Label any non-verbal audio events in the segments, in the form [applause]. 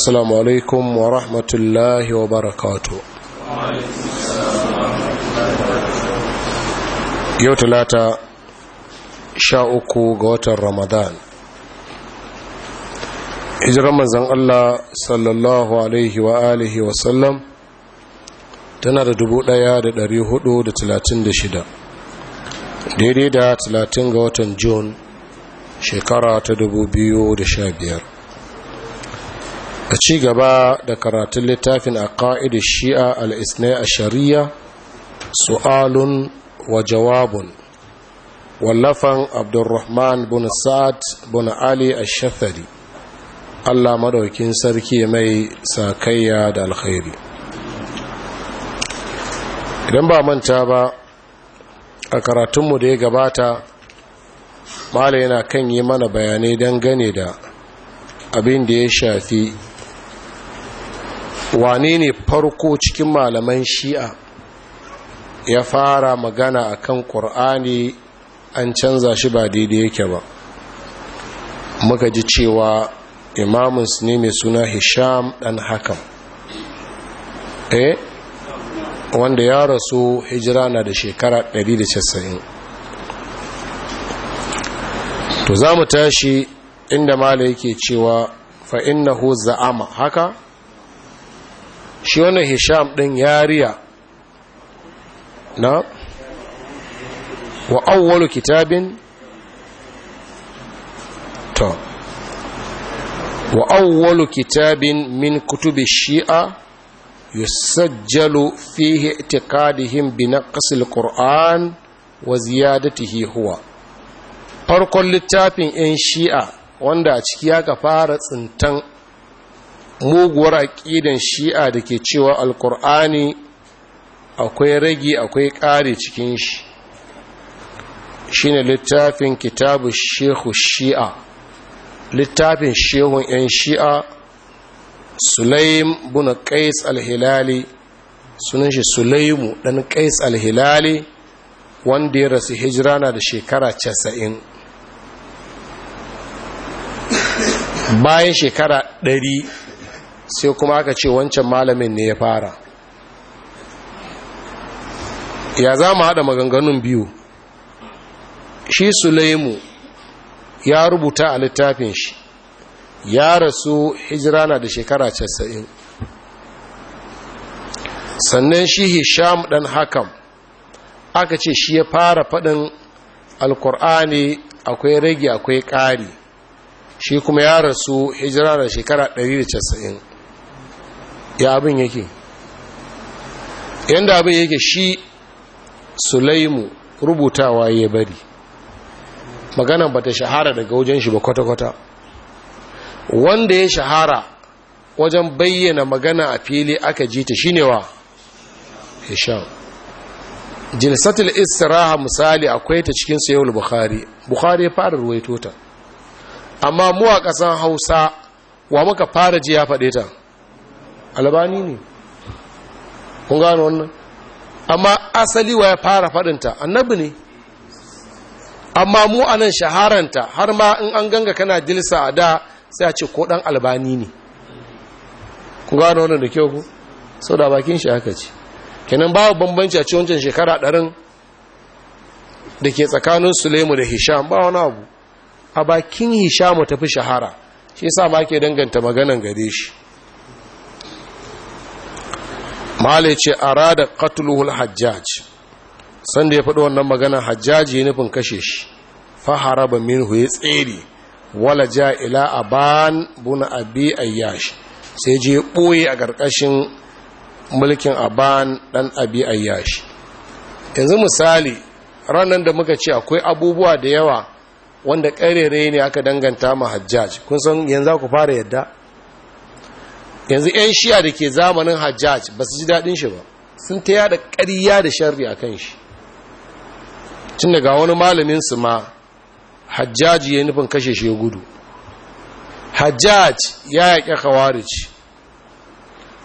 assalamu alaikum wa rahmatullahi wa barakatu yau talata sha uku ga watan ramadan hijirar manzan allah sallallahu alaihi wa alihi tana da dubu ɗaya da dari hudu da talatin da shida daidai da talatin ga watan Jun shekara ta dubu biyu da sha biyar a ci gaba da karatun littafin a ƙa'id shi'a al'isnai a shari'a su'alun wa jawabun wallafan abdurrahman bin sa'ad bin ali a shafari allah maɗaukin sarki mai sakayya da alkhairi idan ba manta ba a karatunmu da ya gabata mala yana kan yi mana bayanai don gane da abin da ya shafi wane ne farko cikin malaman shi'a ya fara magana a kan ƙur'ani an canza shi ba daidai yake ba muka ji cewa imamus ne mai suna hisham ɗan hakan eh wanda ya rasu hijira na da shekara 190 to za mu tashi inda mala yake cewa fa'in na za'ama haka shi wannan hisham ɗin yariya na wa awwalu kitabin to wa awwalu kitabin min kutubi shi'a yusajjalu fihi i'tiqadihim bi naqsil qur'an wa ziyadatihi huwa farkon littafin 'yan shi'a wanda a ciki ya ka fara tsintan muguwar aƙidan shi'a da ke cewa alkur'ani akwai ragi akwai ƙari cikin shi shine littafin kitabu shehu shi'a littafin shehun 'yan shi'a sulaim buna qais Alhilali, sunan shi sulaimu ɗan qais Alhilali, wanda ya rasu hijira na da shekara casa'in bayan shekara ɗari sai kuma aka ce wancan malamin ne ya fara ya za mu haɗa maganganun biyu shi sulaimu ya rubuta a littafin shi ya rasu hijira na da shekara 90 sannan shi hisham ɗan hakan aka ce shi ya fara faɗin alkur'ani akwai rage akwai ƙari shi kuma ya rasu hijira da shekara 190 ya abin yake yadda abin yake shi sulaimu rubutawa ya bari maganan ba ta shahara daga wajen shi ba kwata-kwata wanda ya shahara wajen bayyana magana a fili aka ji ta shine wa hisham jilsatul istiraha misali akwai ta cikin sayawar bukhari bukhari ya fara ruwaito ta amma mu a ƙasan hausa wa muka fara ji ya faɗe ta albani ne kun gano wannan amma asali wa ya fara faɗinta annabi ne amma mu anan shaharanta har ma in an ganga kana dilsa a da sai a ce ko ɗan albani ne ku gano wannan da kyau ku sau da bakin shi haka ce kenan babu bambanci a wancan shekara ɗarin da ke tsakanin sulemu da hisham ba wani abu a bakin hishamu tafi shahara shi sa ma ke danganta maganan gare shi malai ce ara rada katuluhul hajjaj sanda ya faɗo wannan magana hajjaji ya nufin kashe shi ba minhu ya tsere wala ja ila a ban buna abi ayyash sai je ɓoye a ƙarƙashin mulkin a ban ɗan abi ayyash yanzu misali ranar da muka ce akwai abubuwa da yawa wanda ƙarere ne aka danganta ma hajjaj kun san yanzu ku fara yadda yanzu 'yan shiya da ke zamanin hajjaj ba su ji daɗin shi ba sun ta yada ƙariya da sharri a kan shi tun daga wani malamin su ma hajjaji ya nufin kashe shi ya gudu hajjaj ya yaƙi khawarij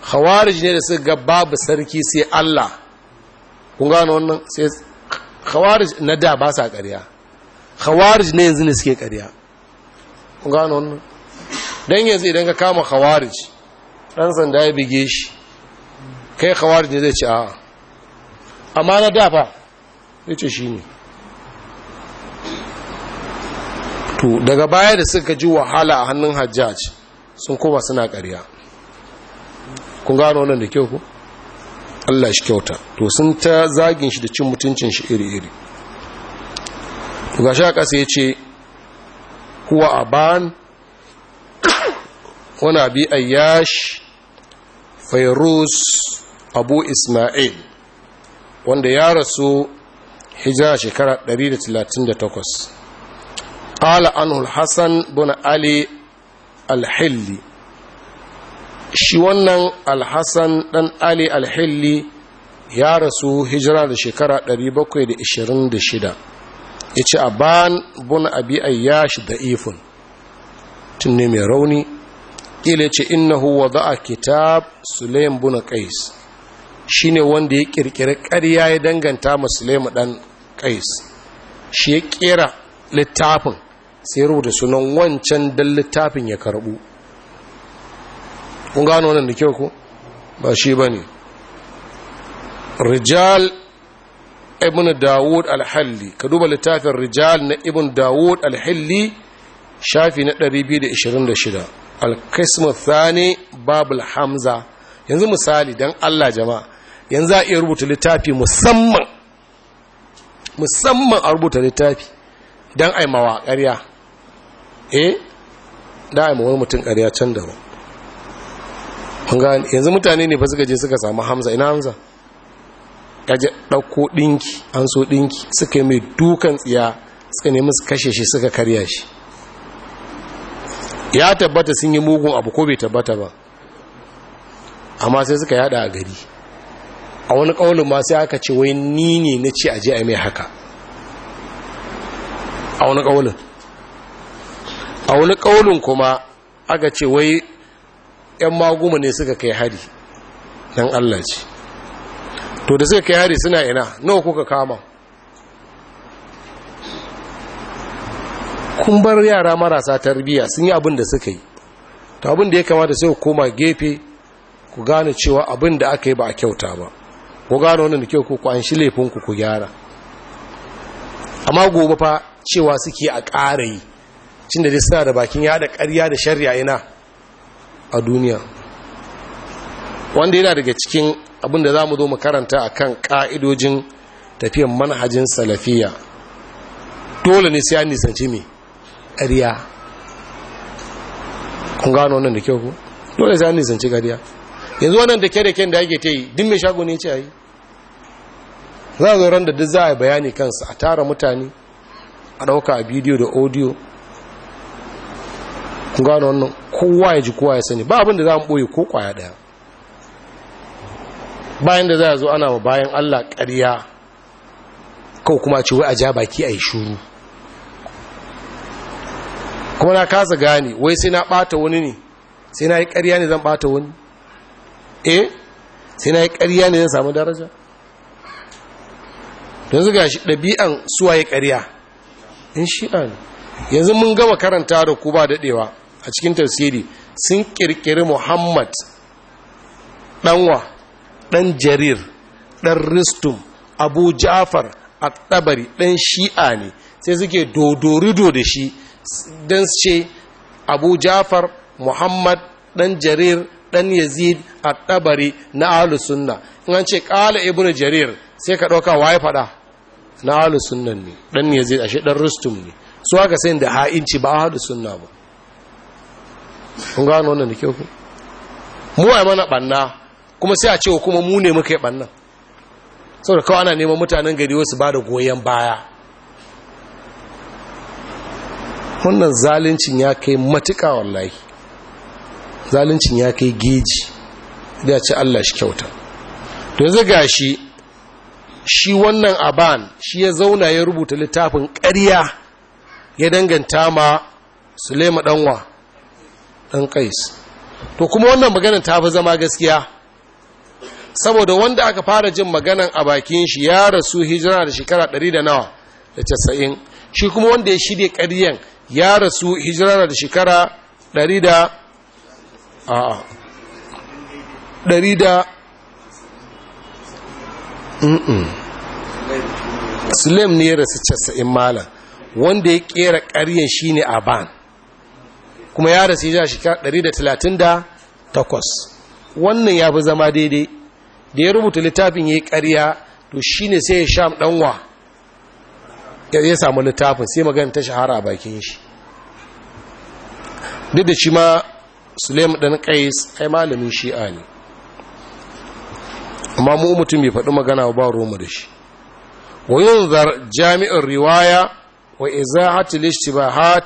khawarij ne da su ga babu sarki sai allah kun gano wannan sai khawarij na da ba sa ƙariya khawarij ne yanzu ne suke ƙariya kun gano wannan don yanzu idan ka kama khawarij ɗan sanda ya bige shi kai kawar da zai ce a amma na dafa ya ce shi ne to daga baya da suka ji wahala a hannun hajjaj sun koma suna ƙarya kun gano wannan da kyau ku Allah shi kyauta to sun ta zagin shi da cin mutuncin shi iri-iri to ga sha ƙasa ya ce kuwa a ban wani abi ayyashi fairuz abu ismail wanda ya rasu hijira shekara 138 ƙala anul hassan bin ali alhilli shi wannan alhassan ɗan ali alhilli ya rasu hijira da shekara 726 ya ce ban bin abi ayyashi da ifin tun ne mai rauni ya ce innahu wa a kitab sulaim buna ƙais shi ne wanda ya ƙirƙiri ƙarya ya danganta ma sulaim ɗan ƙais shi ya ƙera littafin sai rubuta sunan wancan dan littafin ya karɓu kun gano wannan da kyau ku ba shi ba ne rijal ibn dawud alhalli ka duba littafin rijal na ibn dawud alhalli shafi na 226 alkismu thani babul hamza yanzu misali don allah jama'a yanzu a iya rubuta littafi musamman musamman a rubuta littafi don aimawa ƙarya eh da aimawar mutum ƙarya can da ba yanzu mutane ne ba suka je suka samu hamza ina hamza kaje ɗauko ɗinki an so ɗinki suka yi mai dukan tsiya suka nemi su kashe shi suka karya shi ya tabbata sun yi mugun abu ko bai tabbata ba amma sai suka yada a gari a wani ƙaunin ma sai aka ce wai ni ne na ce aje a mai haka a wani ƙaunin a wani ƙaunin kuma aka ce wai 'yan maguma ne suka kai hari don Allah ce to da suka kai hari suna ina nawa kuka kama kun bar yara marasa tarbiyya sun yi abin da suka yi to abin da ya kamata sai ku koma gefe ku gane cewa abin da aka yi ba a kyauta ba ku gane wannan da kyau ku ku an shi laifinku ku gyara amma gobe fa cewa suke a ƙara yi cin da suna da bakin yaɗa ƙarya da shari'a ina a duniya wanda yana daga cikin abin da za mu zo mu karanta a kan ƙa'idojin tafiyan manhajin salafiya dole ne sai an nisanci mai ƙarya kun gano wannan da kyau ku dole sai an nisanci ƙarya yanzu wannan da kyarkyan da ake ta yi din mai shago ne ce a yi za a ran da duk za a bayani kansa a tara mutane a ɗauka a bidiyo da audio kun gano wannan kowa ya ji kowa ya sani ba abin za mu ɓoye ko kwaya ɗaya bayan da za a zo ana ma bayan allah ƙarya kawai kuma ce wai a ja baki a yi shuru kuma na kasa gane wai sai na ɓata wani ne sai na yi ƙarya ne zan ɓata wani eh sai na yi ƙarya ne zan samu daraja Don su shi ɗabi'an suwaye ƙarya in shi'a an yanzu mun gama karanta da ku ba daɗewa a cikin tafsiri sun ƙirƙiri muhammad ɗanwa ɗan jarir ɗan ristum abu ja'far a ɗabari ɗan shi'a ne sai suke dodorido da shi dan ce abu jafar muhammad dan jarir dan yazid at-tabari na ahlus sunna in an ce ƙala ibnu jarir sai ka dauka waye fada na ahlus sunnan ne dan yazid ashe dan rustum ne su aka sai da ha'inci ba ahlus sunna ba kun gano wannan da kyau ku mu ai mana banna kuma sai a ce kuma mu ne muka yi bannan saboda kawai ana neman mutanen gari wasu ba da goyon baya wannan zalincin ya kai matuka wallahi zalincin ya kai geji ya ce Allah shi kyauta to yanzu gashi shi wannan aban shi ya zauna ya rubuta littafin ƙarya ya danganta ma Sulema ɗanwa ɗan kais to kuma wannan maganar ta fi zama gaskiya saboda wanda aka fara jin maganan a bakin shi ya rasu hijira da shekara 100 da nawa da casa'in shi kuma wanda ya shirya ƙaryen ya rasu hijirar da shekara 100 da a 100 da Sulaim ne ya rasu casa'in malam wanda ya kera ƙaryen shine ban kuma ya rasu hijirar shekara 138 wannan ya fi zama daidai da ya rubuta littafin ya yi ƙarya to shine sai ya sham ɗanwa ya samu littafin sai magana ta shahara a bakin shi duk da shi ma sulaim ɗan ƙais ai malamin shi'a ne amma mu mutum bai faɗi magana ba roma da shi wayin zar jami'in riwaya wa izahat al-ishtibahat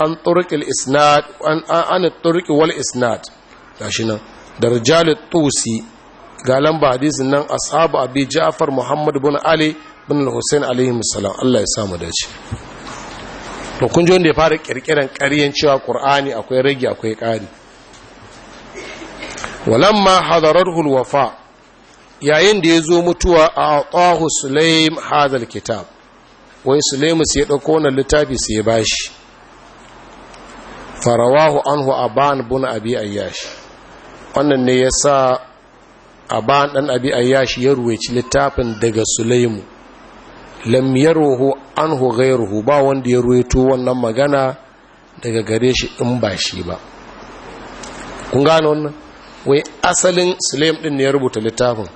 an turuq isnad an an wal isnad shi nan darjal tusi ga lamba hadisin nan ashabu abi ja'far muhammad ibn ali bin al-Hussein alaihi salam Allah ya samu dace to kun ji wanda ya fara kirkiran ƙaryen cewa Qur'ani akwai rage akwai ƙari walamma hadararhu al-wafa yayin da ya zo mutuwa a atahu Sulaim hadal kitab wai Sulaimu sai ya dauko wannan littafi sai ya bashi farawahu anhu aban bin abi ayyash wannan ne yasa aban dan abi ayyash ya ruwaici littafin daga Sulaimu lam yaruhu anhu ghayruhu ba wanda ya ruwaito wannan magana daga gare shi in ba shi ba kun gano wannan wai asalin sulaim din ne ya rubuta littafin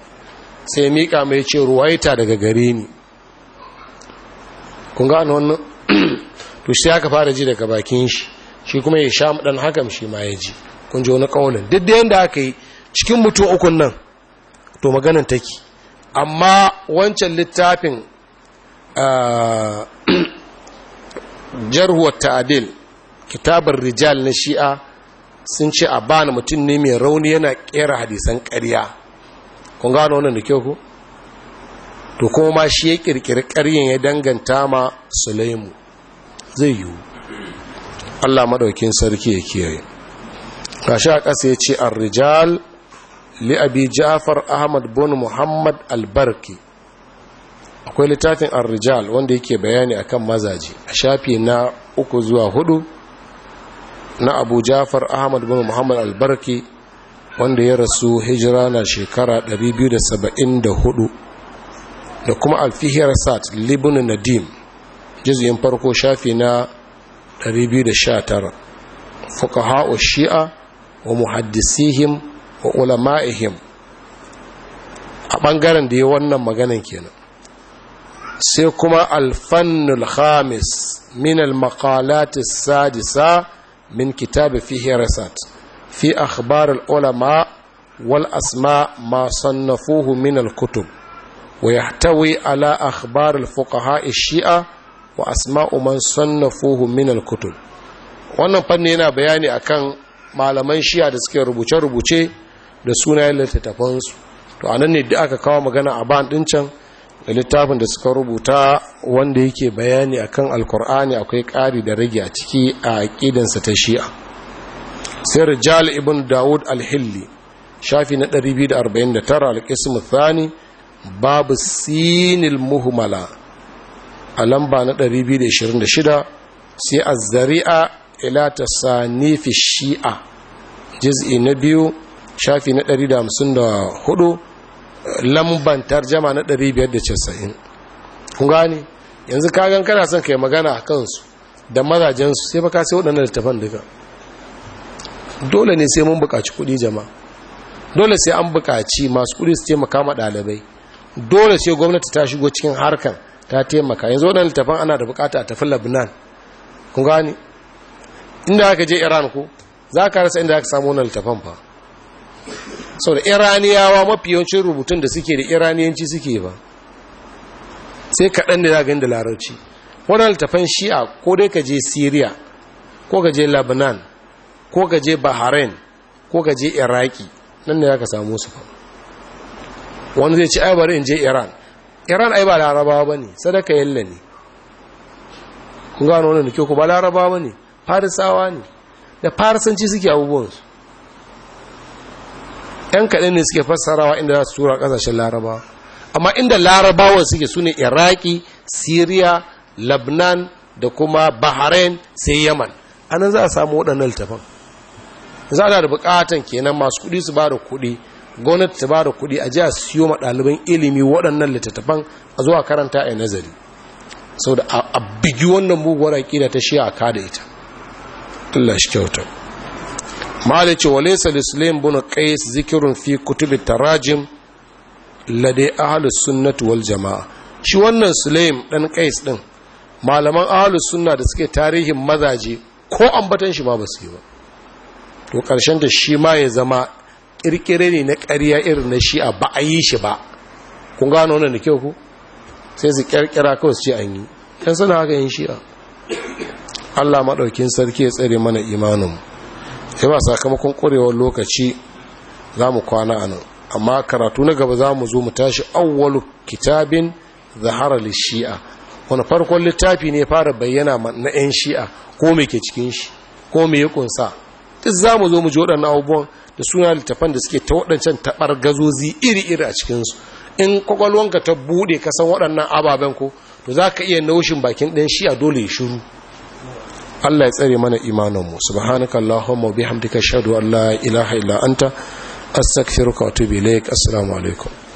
sai mika mai ce ruwaita daga gare ni kun gano wannan [clears throat] to sai aka fara ji daga bakin shi shi kuma ya sha dan hakan shi ma ya ji kun ji wani kaulin duk da yanda aka yi cikin mutum ukun nan to maganan take amma wancan littafin jarhuwar ta'adil kitabar rijal na shi'a sun ce a bani mutum ne mai rauni yana kera hadisan ƙarya kun gano wannan da kyau ku to kuma ma shi ya kirkiri ƙaryen ya danganta ma sulaimu zai yiwu allah maɗaukin sarki ya kiyaye kashi a ƙasa ya ce an rijal li abi jafar ahmad bin muhammad albarki akwai littafin arrijal rijal wanda yake bayani akan mazaji a shafi na uku zuwa hudu na abu jafar ahmad bin muhammad albarki wanda ya rasu hijira na shekara 274 da kuma alfihiyar sat Libun nadim jizuyin farko shafi na 219 wa shi'a wa muhaddisihim wa ulama'ihim a ɓangaren da ya wannan maganin kenan sai kuma alfannul khamis min al-maqalatis sadisa min kitab fi rasat fi akhbar al-ulama wal asma ma sannafuhu min al-kutub wa yahtawi ala akhbar al-fuqaha shia wa asma'u man sannafuhu min al-kutub wannan fanni yana bayani akan malaman shi'a da suke rubuce-rubuce da sunayen littattafansu to anan ne da aka kawo magana a ban din can da littafin da suka rubuta wanda yake bayani akan alkur'ani akwai ƙari da rage a ciki a ƙidansa ta shi'a sai rijal ibn dawud alhilli shafi na 249 alƙismu thani babu sinil muhumala a lamba na 226 sai a zari'a ila tasanifi shi'a jiz'i na biyu shafi na 154 lamban tarjama na 590 kun gani yanzu kagan kana son kai magana a kansu da mazajensu sai baka sai waɗannan littafan duka dole ne sai mun buƙaci kuɗi jama'a dole sai an buƙaci masu kuɗi su taimaka ma ɗalibai dole sai gwamnati ta shigo cikin harkan ta taimaka yanzu waɗannan littafan ana da buƙata a tafi labnan kun gani inda aka je iran ko za ka rasa inda aka samu wannan littafan fa sau da iraniyawa mafi yawancin rubutun da suke da iraniyanci suke ba sai kaɗan da za gani da larabci waɗanda tafan shi'a ko dai ka je syria ko ka je lebanon ko ka je bahrain ko ka je iraki nan ne za ka samu su fa wani zai ci ai in je iran iran ai ba larabawa ba ne sadaka yalla ne kun gano wannan da kyau ko ba larabawa ba ne farisawa ne da farisanci suke abubuwansu yan kaɗan ne suke fassarawa inda za su tura ƙasashen laraba amma inda larabawa suke su ne iraki Siriya, Labnan da kuma bahrain sai yaman anan za a samu waɗannan littafan za a da buƙatan kenan masu kuɗi su ba da kuɗi gwamnati ta ba da kuɗi a ji a siyo ma ɗaliban ilimi waɗannan littattafan a zuwa karanta a nazari sau da a bigi wannan muguwar aƙida ta shi a kada ita Allah shi mali ce wale lislim buna kai zikirun fi kutubi tarajim lade ahalus sunnatu wal jamaa shi wannan sulaim dan kais din malaman ahalus sunna da suke tarihin mazaje ko ambatan shi ma ba su yi ba to karshen da shi ma ya zama kirkire ne na ƙarya irin na shi'a ba a yi shi ba kun gano wannan da kyau ku sai su kirkira kawai su ce an yi yan haka yin shi'a Allah maɗaukin sarki ya tsare mana imanin Yaba sakamakon ƙwarewar lokaci za mu kwana a nan amma karatu na gaba za mu zo mu tashi awwalu kitabin zahara shi'a wani farkon littafi ne fara bayyana na 'yan shi'a ko mai ke cikin shi ko mai ya kunsa duk za mu zo mu ji waɗannan abubuwan da suna littafan da suke ta waɗancan taɓar gazozi iri-iri a cikinsu in kwakwalwanka ta buɗe kasan waɗannan ababen ko to za ka iya naushin bakin ɗan shi'a dole ya shiru Allah ya tsare mana imaninmu subhanaka allahumma bihamdika ashhadu an la ilaha illa anta astaghfiruka wa atubu ilaik assalamu alaikum